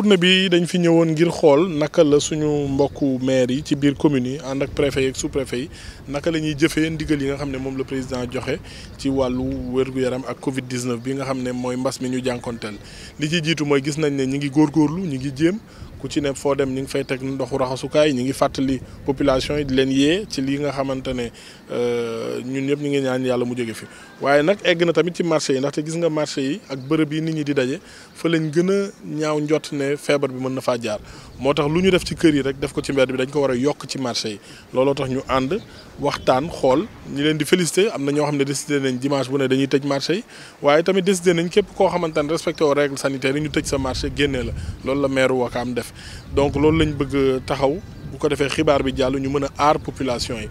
tournée bi dañ fi ñëwoon ngir xool naka la suñu mbokku maire yi ci biir commune yi ànd ak préfet yi ak sous préfet yi naka la ñuy jëfee ndigal yi nga xam ne moom la président joxe ci wàllu wér-gu-yaram ak Covid 19 bi nga xam ne mooy mbas mi ñu jànkonteel li ci jiitu mooy gis nañ ne ñi ngi góor góorgóorlu ñi ngi jéem ku ci ne foo dem ñi ngi fay teg ndoxu raxasukaay ñi ngi fàttali population yi di leen yée ci lii nga xamante ne euh, ñun ñëpp ñu ngi ñaan yàlla mu jóge fi waaye na tamit ci marché yi ndaxte gis nga marché yi ak bërëb yi nit ñi di daje fa ne feebar bi mën na faa jaar moo tax lu ñu def ci kër yi rek def ko ci mbedd bi dañ ko war a yokk ci marché yi looloo tax ñu ànd waxtaan xool ñu leen di félicité am na ñoo xam ne décidé nañ dimanche bu ne dañuy tëj marché yi waaye tamit décidé nañ képp koo xamante ne respecté aux règles sanitaires yi ñu tëj sa marché génnee la loolu la maire Wakaam def donc loolu lañu bëgg taxaw bu ko defee xibaar bi jàll ñu mën a aar population yi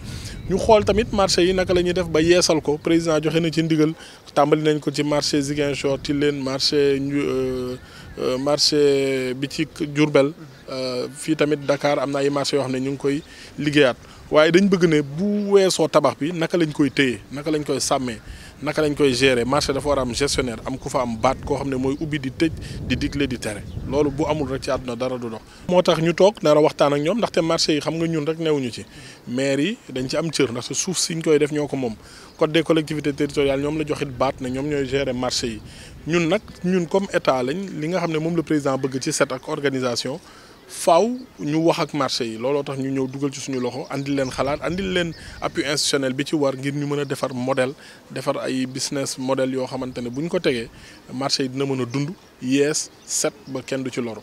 ñu xool tamit marché yi naka la ñuy def ba yeesal ko président joxe na ci ndigal tàmbali nañ ko ci marché Ziguinchor ci leen marché ñu euh, Euh, marché bi ci Diourbel euh, fii tamit Dakar am na ay marché yoo xam ne ñu ngi koy liggéeyaat waye dañ bëgg né bu wéso tabax bi naka lañ koy téyé naka lañ koy samé naka lañ koy gérer marché dafa war am gestionnaire am ku fa am baat ko xamné moy ubi di tej di digle di tere loolu bu amul rek ci aduna dara du dox. motax ñu tok nar a waxtaan ak ñoom ndaxte marché yi xam nga ñun rek néwuñu ci maire yi dañ ci am cër ndaxte suuf siñ koy def ñoo ko moom code des collectivités territoriales ñom la joxit baat ne ñom ñoy gérer marché yi ñun nak ñun comme état lañ li nga xamné mom le président bëgg ci set ak organisation. faaw ñu wax ak marché yi looloo tax ñu ñëw dugal ci suñu loxo andil leen xalaat andil leen appui institutionnel bi ci war ngir ñu mën a defar modèle defar ay business modèle yoo xamante ne bu ko tegee marché yi dina mën a dund yees set ba kenn du ci loru.